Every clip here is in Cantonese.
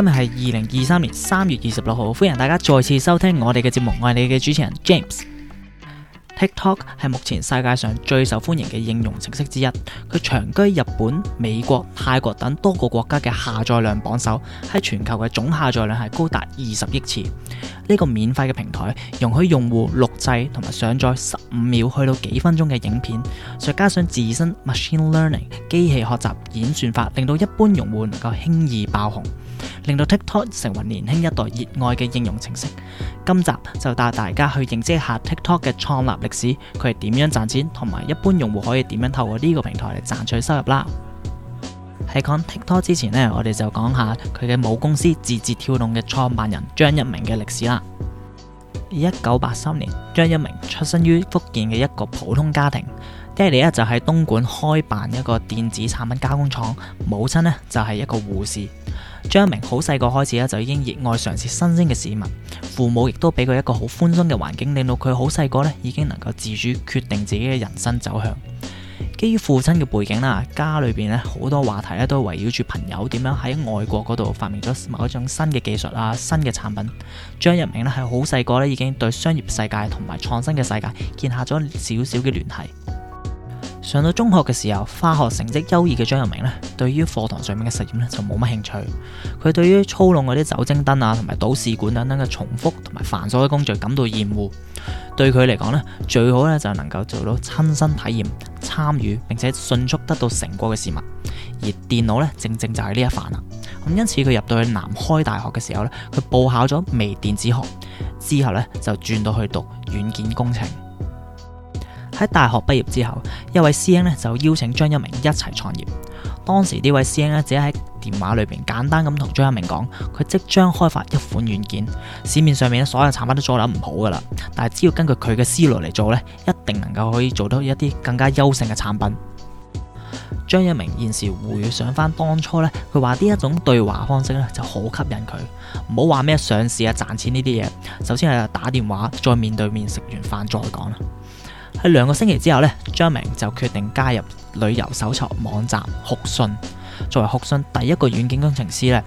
今日係二零二三年三月二十六號，歡迎大家再次收聽我哋嘅節目。我係你嘅主持人 James。TikTok 係目前世界上最受歡迎嘅應用程式之一，佢長居日本、美國、泰國等多個國家嘅下載量榜首，喺全球嘅總下載量係高達二十億次。呢個免費嘅平台容許用戶錄製同埋上載十五秒去到幾分鐘嘅影片，再加上自身 Machine Learning 機器學習演算法，令到一般用戶能夠輕易爆紅，令到 TikTok 成為年輕一代熱愛嘅應用程式。今集就帶大家去認識一下 TikTok 嘅創立歷史，佢係點樣賺錢，同埋一般用戶可以點樣透過呢個平台嚟賺取收入啦。喺講 TikTok 之前呢，我哋就講下佢嘅母公司字節跳動嘅創辦人張一鳴嘅歷史啦。一九八三年，張一鳴出身於福建嘅一個普通家庭，爹哋咧就喺東莞開辦一個電子產品加工廠，母親呢就係一個護士。張一鳴好細個開始咧就已經熱愛嘗試新鮮嘅事物。父母亦都俾佢一個好寬鬆嘅環境，令到佢好細個呢已經能夠自主決定自己嘅人生走向。基於父親嘅背景啦，家裏邊咧好多話題咧都圍繞住朋友點樣喺外國嗰度發明咗某一種新嘅技術啊、新嘅產品。張一鳴咧係好細個咧已經對商業世界同埋創新嘅世界建下咗少少嘅聯繫。上到中學嘅時候，化學成績優異嘅張一鳴咧，對於課堂上面嘅實驗咧就冇乜興趣。佢對於操弄嗰啲酒精燈啊，同埋導試管等等嘅重複同埋繁瑣嘅工序感到厭惡。對佢嚟講咧，最好呢就能夠做到親身體驗、參與，並且迅速得到成果嘅事物。而電腦呢，正正就係呢一範啦。咁因此，佢入到去南開大學嘅時候呢，佢報考咗微電子學，之後呢就轉到去讀軟件工程。喺大學畢業之後，一位師兄咧就邀請張一鳴一齊創業。當時位呢位師兄咧只喺電話裏邊簡單咁同張一鳴講，佢即將開發一款軟件，市面上面所有產品都做得唔好噶啦，但係只要根據佢嘅思路嚟做咧，一定能夠可以做到一啲更加優勝嘅產品。張一鳴現時回想翻當初咧，佢話呢一種對話方式咧就好吸引佢，唔好話咩上市啊、賺錢呢啲嘢，首先係打電話，再面對面食完飯再講啦。喺兩個星期之後咧，張一鳴就決定加入旅遊搜尋網站酷訊。作為酷訊第一個軟件工程師咧，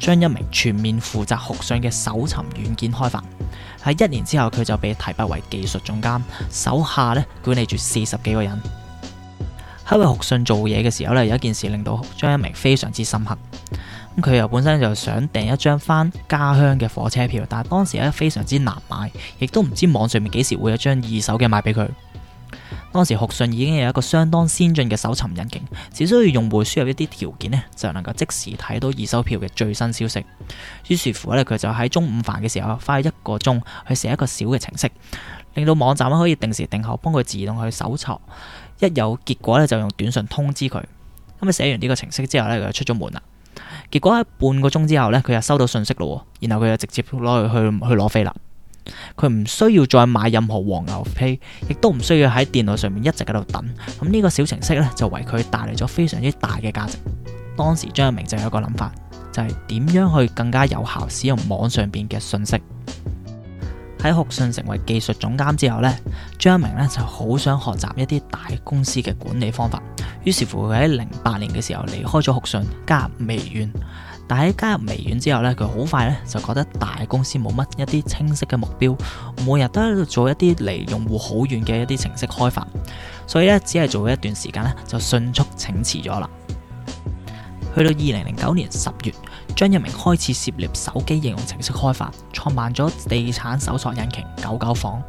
張一鳴全面負責酷訊嘅搜尋軟件開發。喺一年之後，佢就被提拔為技術總監，手下咧管理住四十幾個人。喺為酷訊做嘢嘅時候咧，有一件事令到張一鳴非常之深刻。佢又本身就想訂一張返家鄉嘅火車票，但係當時咧非常之難買，亦都唔知網上面幾時會有張二手嘅賣俾佢。當時酷訊已經有一個相當先進嘅搜尋引擎，只需要用戶輸入一啲條件呢，就能夠即時睇到二手票嘅最新消息。於是乎咧，佢就喺中午飯嘅時候花一個鐘去寫一個小嘅程式，令到網站可以定時定候幫佢自動去搜查，一有結果咧就用短信通知佢。咁啊，寫完呢個程式之後咧，佢就出咗門啦。結果喺半個鐘之後咧，佢就收到信息啦，然後佢就直接攞去去去攞飛啦。佢唔需要再買任何黃牛票，亦都唔需要喺電腦上面一直喺度等。咁、這、呢個小程式咧就為佢帶來咗非常之大嘅價值。當時張一鳴就有個諗法，就係、是、點樣去更加有效使用網上邊嘅信息。喺酷訊成為技術總監之後咧，張一鳴咧就好想學習一啲大公司嘅管理方法。於是乎，佢喺零八年嘅時候離開咗酷訊，加入微軟。但係加入微軟之後咧，佢好快咧就覺得大公司冇乜一啲清晰嘅目標，每日都喺度做一啲離用戶好遠嘅一啲程式開發，所以咧只係做咗一段時間咧就迅速請辭咗啦。去到二零零九年十月，張一鳴開始涉獵手機應用程式開發，創辦咗地產搜索引擎九九房。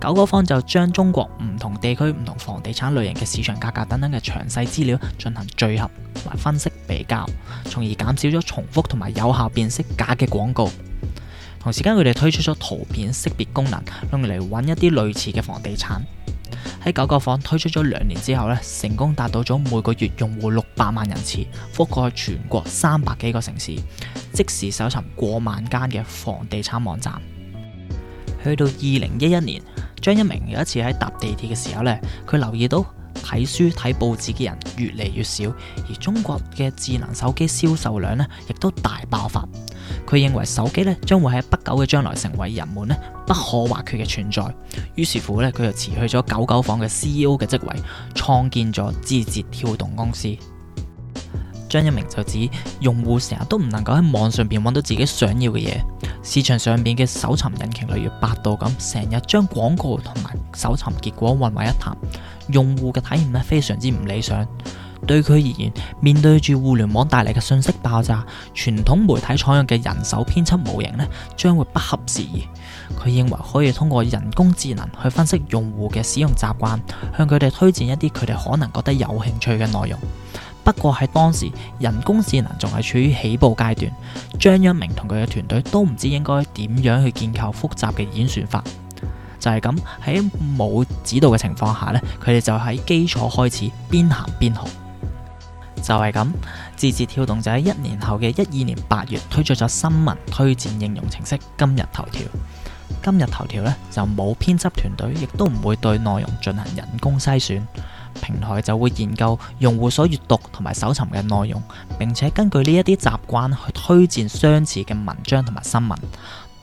九九房就將中國唔同地區唔同房地產類型嘅市場價格等等嘅詳細資料進行聚合同埋分析。比較，從而減少咗重複同埋有效辨識假嘅廣告。同時間，佢哋推出咗圖片識別功能，用嚟揾一啲類似嘅房地產。喺九九房推出咗兩年之後咧，成功達到咗每個月用戶六百萬人次，覆蓋全國三百幾個城市，即時搜尋過萬間嘅房地產網站。去到二零一一年，張一鳴有一次喺搭地鐵嘅時候呢，佢留意到，睇書睇報紙嘅人越嚟越少，而中國嘅智能手機銷售量呢亦都大爆發。佢認為手機呢將會喺不久嘅將來成為人們呢不可或缺嘅存在。於是乎呢佢就辭去咗九九房嘅 CEO 嘅職位，創建咗字節跳動公司。張一鳴就指用戶成日都唔能夠喺網上邊揾到自己想要嘅嘢，市場上邊嘅搜尋引擎例如百度咁，成日將廣告同埋搜尋結果混為一談。用戶嘅體驗呢非常之唔理想，對佢而言，面對住互聯網帶嚟嘅信息爆炸，傳統媒體採用嘅人手編輯模型呢將會不合時宜。佢認為可以通過人工智能去分析用戶嘅使用習慣，向佢哋推薦一啲佢哋可能覺得有興趣嘅內容。不過喺當時，人工智能仲係處於起步階段，張一鳴同佢嘅團隊都唔知應該點樣去建構複雜嘅演算法。就係咁，喺冇指導嘅情況下呢，佢哋就喺基礎開始邊行邊學。就係咁，字節跳動就喺一年後嘅一二年八月推出咗新聞推薦應用程式《今日頭條》。今日頭條呢，就冇編輯團隊，亦都唔會對內容進行人工篩選，平台就會研究用戶所閱讀同埋搜尋嘅內容，並且根據呢一啲習慣去推薦相似嘅文章同埋新聞。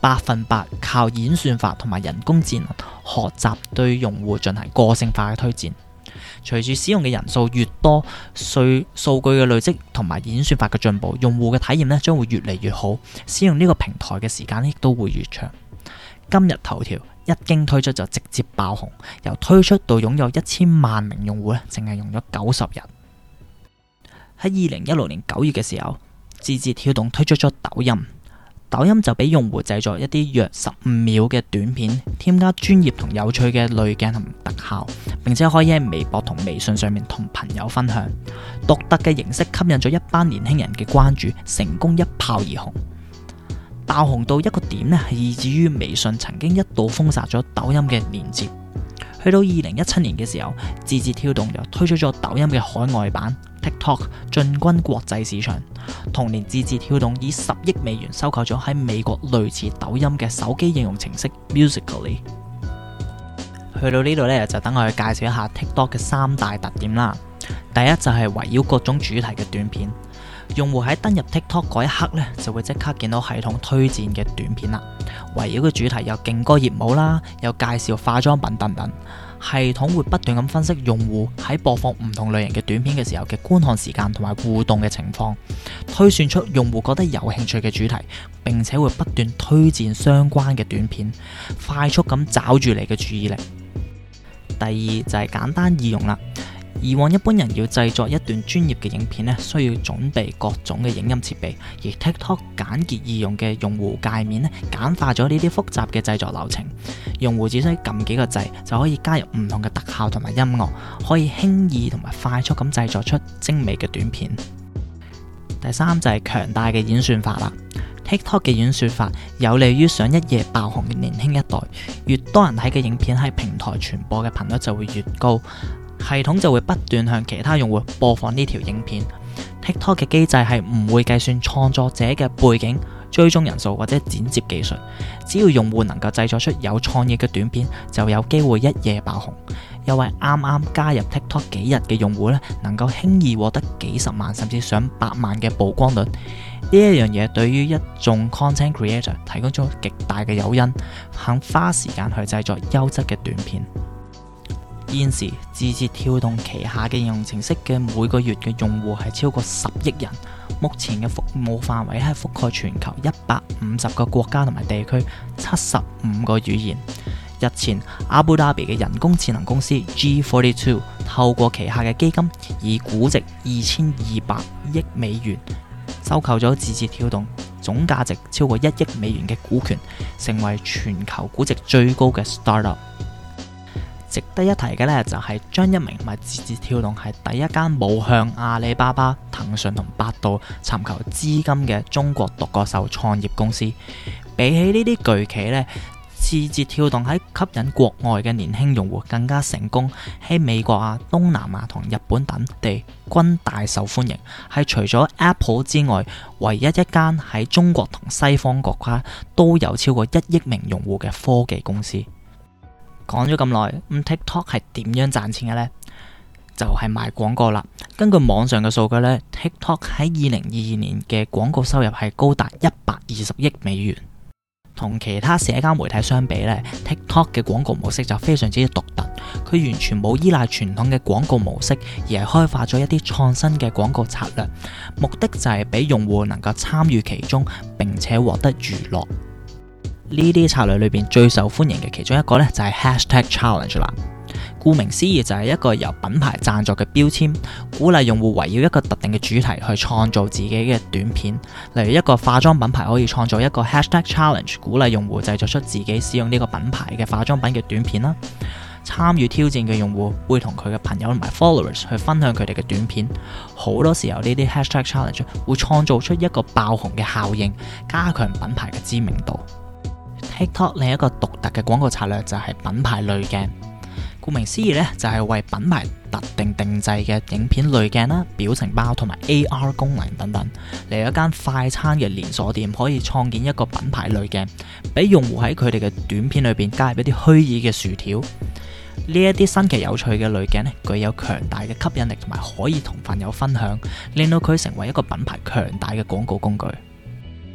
百分百靠演算法同埋人工智能學習對用戶進行個性化嘅推薦。隨住使用嘅人數越多，隨數據嘅累積同埋演算法嘅進步，用戶嘅體驗呢將會越嚟越好，使用呢個平台嘅時間咧都會越長。今日頭條一經推出就直接爆紅，由推出到擁有一千萬名用戶咧，淨係用咗九十日。喺二零一六年九月嘅時候，字節跳動推出咗抖音。抖音就俾用戶製作一啲約十五秒嘅短片，添加專業同有趣嘅濾鏡同特效，並且可以喺微博同微信上面同朋友分享。獨特嘅形式吸引咗一班年輕人嘅關注，成功一炮而紅，爆紅到一個點呢係以至於微信曾經一度封殺咗抖音嘅連接。去到二零一七年嘅時候，字節跳動又推出咗抖音嘅海外版 TikTok，進軍國際市場。同年，字節跳動以十億美元收購咗喺美國類似抖音嘅手機應用程式 Musical.ly。去到呢度呢，就等我去介紹一下 TikTok 嘅三大特點啦。第一就係圍繞各種主題嘅短片。用戶喺登入 TikTok 嗰一刻咧，就會即刻見到系統推薦嘅短片啦。圍繞嘅主題有勁歌熱舞啦，有介紹化妝品等等。系統會不斷咁分析用戶喺播放唔同類型嘅短片嘅時候嘅觀看時間同埋互動嘅情況，推算出用戶覺得有興趣嘅主題，並且會不斷推薦相關嘅短片，快速咁找住你嘅注意力。第二就係、是、簡單易用啦。以往一般人要製作一段專業嘅影片咧，需要準備各種嘅影音設備，而 TikTok 簡潔易用嘅用戶界面咧，簡化咗呢啲複雜嘅製作流程。用戶只需撳幾個掣就可以加入唔同嘅特效同埋音樂，可以輕易同埋快速咁製作出精美嘅短片。第三就係強大嘅演算法啦。TikTok 嘅演算法有利於想一夜爆紅嘅年輕一代，越多人睇嘅影片，喺平台傳播嘅頻率就會越高。系統就會不斷向其他用戶播放呢條影片。TikTok 嘅機制係唔會計算創作者嘅背景、追蹤人數或者剪接技術，只要用戶能夠製作出有創意嘅短片，就有機會一夜爆紅。又係啱啱加入 TikTok 幾日嘅用戶咧，能夠輕易獲得幾十萬甚至上百萬嘅曝光率。呢一樣嘢對於一眾 content creator 提供咗極大嘅誘因，肯花時間去製作優質嘅短片。現時字節跳動旗下嘅應用程式嘅每個月嘅用戶係超過十億人，目前嘅服務範圍係覆蓋全球一百五十個國家同埋地區，七十五個語言。日前，阿布達比嘅人工智能公司 G42 透過旗下嘅基金，以估值二千二百億美元收購咗字節跳動總價值超過一億美元嘅股權，成為全球估值最高嘅 startup。值得一提嘅咧，就係張一鳴同埋字節跳動係第一間冇向阿里巴巴、騰訊同百度尋求資金嘅中國獨角獸創業公司。比起呢啲巨企咧，字節跳動喺吸引國外嘅年輕用戶更加成功。喺美國啊、東南亞同日本等地均大受歡迎，係除咗 Apple 之外唯一一間喺中國同西方國家都有超過一億名用戶嘅科技公司。講咗咁耐，咁 TikTok 係點樣賺錢嘅呢？就係賣廣告啦。根據網上嘅數據呢，TikTok 喺二零二二年嘅廣告收入係高達一百二十億美元。同其他社交媒體相比呢，TikTok 嘅廣告模式就非常之獨特。佢完全冇依賴傳統嘅廣告模式，而係開發咗一啲創新嘅廣告策略，目的就係俾用戶能夠參與其中，並且獲得娛樂。呢啲策略裏邊最受歡迎嘅其中一個呢，就係 hashtag challenge 啦。顧名思義，就係一個由品牌贊助嘅標籤，鼓勵用戶圍繞一個特定嘅主題去創造自己嘅短片。例如一個化妝品牌可以創造一個 hashtag challenge，鼓勵用戶製作出自己使用呢個品牌嘅化妝品嘅短片啦。參與挑戰嘅用戶會同佢嘅朋友同埋 followers 去分享佢哋嘅短片。好多時候呢啲 hashtag challenge 會創造出一個爆紅嘅效應，加強品牌嘅知名度。TikTok 另一個獨特嘅廣告策略就係品牌濾鏡，顧名思義咧，就係、是、為品牌特定定制嘅影片濾鏡啦、表情包同埋 AR 功能等等。嚟一間快餐嘅連鎖店可以創建一個品牌濾鏡，俾用戶喺佢哋嘅短片裏邊加入一啲虛擬嘅薯條。呢一啲新奇有趣嘅濾鏡咧，具有強大嘅吸引力同埋可以同朋友分享，令到佢成為一個品牌強大嘅廣告工具。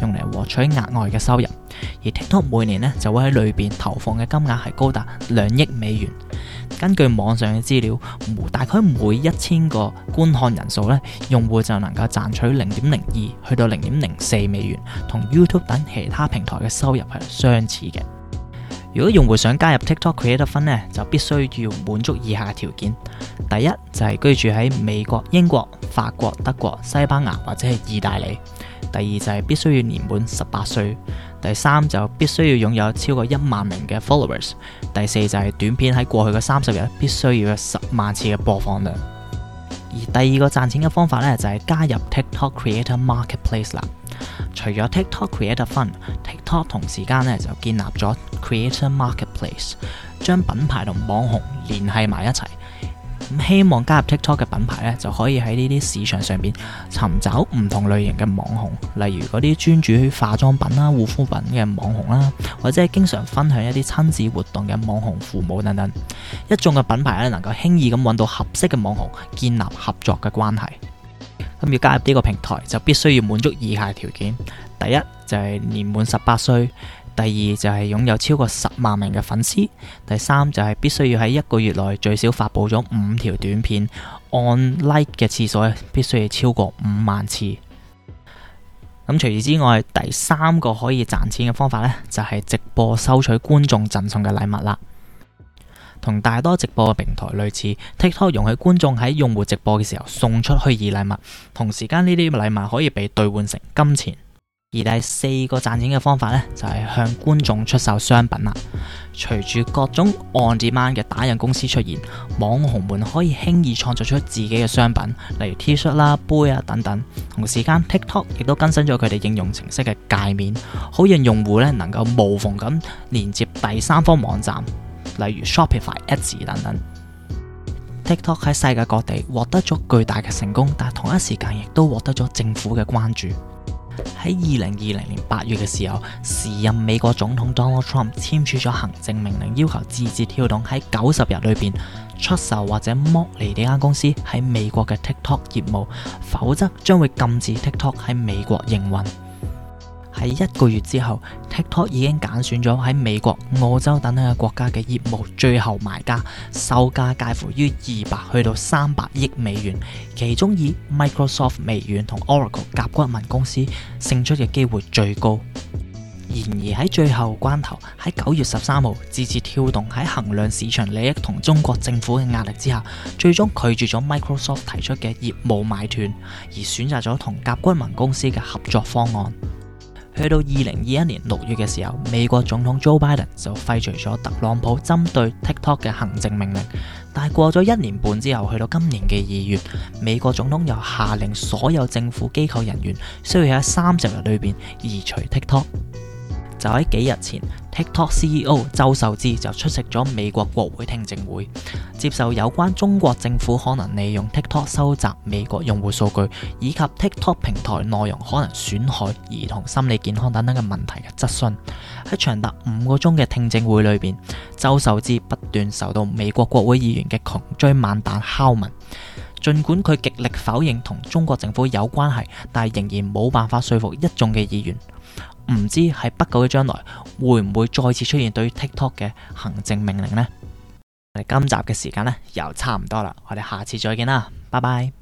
用嚟獲取額外嘅收入，而 TikTok 每年咧就會喺裏邊投放嘅金額係高達兩億美元。根據網上嘅資料，大概每一千個觀看人數咧，用戶就能夠賺取零點零二去到零點零四美元，同 YouTube 等其他平台嘅收入係相似嘅。如果用戶想加入 TikTok Creator Fund 呢，就必須要滿足以下條件：第一就係、是、居住喺美國、英國、法國、德國、西班牙或者係意大利。第二就係必須要年滿十八歲，第三就必須要擁有超過一萬名嘅 followers，第四就係短片喺過去嘅三十日必須要有十萬次嘅播放量。而第二個賺錢嘅方法咧就係加入 TikTok Creator Marketplace 啦。除咗 TikTok Creator Fund，TikTok 同時間咧就建立咗 Creator Marketplace，將品牌同網紅聯繫埋一齊。希望加入 TikTok 嘅品牌咧，就可以喺呢啲市場上邊尋找唔同類型嘅網紅，例如嗰啲專注於化妝品啦、護膚品嘅網紅啦，或者經常分享一啲親子活動嘅網紅父母等等，一眾嘅品牌咧能夠輕易咁揾到合適嘅網紅建立合作嘅關係，咁要加入呢個平台，就必須要滿足以下條件：第一就係年滿十八歲。第二就係擁有超過十萬名嘅粉絲，第三就係必須要喺一個月內最少發佈咗五條短片，按 like 嘅次數必須要超過五萬次。咁除此之外，第三個可以賺錢嘅方法呢，就係、是、直播收取觀眾贈送嘅禮物啦。同大多直播嘅平台類似，TikTok 容許觀眾喺用戶直播嘅時候送出虛擬禮物，同時間呢啲禮物可以被兌換成金錢。而第四個賺錢嘅方法咧，就係向觀眾出售商品啦。隨住各種 on-demand 嘅打印公司出現，網紅們可以輕易創造出自己嘅商品，例如 T 恤啦、杯啊等等。同時間，TikTok 亦都更新咗佢哋應用程式嘅界面，好讓用戶咧能夠無縫咁連接第三方網站，例如 Shopify、Etsy 等等。TikTok 喺世界各地獲得咗巨大嘅成功，但同一時間亦都獲得咗政府嘅關注。喺二零二零年八月嘅時候，時任美國總統 Donald Trump 簽署咗行政命令，要求字節跳動喺九十日裏邊出售或者剝離呢間公司喺美國嘅 TikTok 業務，否則將會禁止 TikTok 喺美國營運。喺一個月之後，TikTok 已經揀選咗喺美國、澳洲等等嘅國家嘅業務最後買家，售價介乎於二百去到三百億美元，其中以 Microsoft 微軟同 Oracle 甲骨文公司勝出嘅機會最高。然而喺最後關頭，喺九月十三號，字節跳動喺衡量市場利益同中國政府嘅壓力之下，最終拒絕咗 Microsoft 提出嘅業務買斷，而選擇咗同甲骨文公司嘅合作方案。去到二零二一年六月嘅時候，美國總統 Joe Biden 就廢除咗特朗普針對 TikTok 嘅行政命令，但係過咗一年半之後，去到今年嘅二月，美國總統又下令所有政府機構人員需要喺三十日裏面移除 TikTok。就喺幾日前，TikTok CEO 周受資就出席咗美國國會聽證會，接受有關中國政府可能利用 TikTok 收集美國用戶數據，以及 TikTok 平台內容可能損害兒童心理健康等等嘅問題嘅質詢。喺長達五個鐘嘅聽證會裏邊，周受資不斷受到美國國會議員嘅窮追猛打、拷問。儘管佢極力否認同中國政府有關係，但係仍然冇辦法說服一眾嘅議員。唔知喺不久嘅將來會唔會再次出現對 TikTok 嘅行政命令呢？我哋今集嘅時間呢又差唔多啦，我哋下次再見啦，拜拜。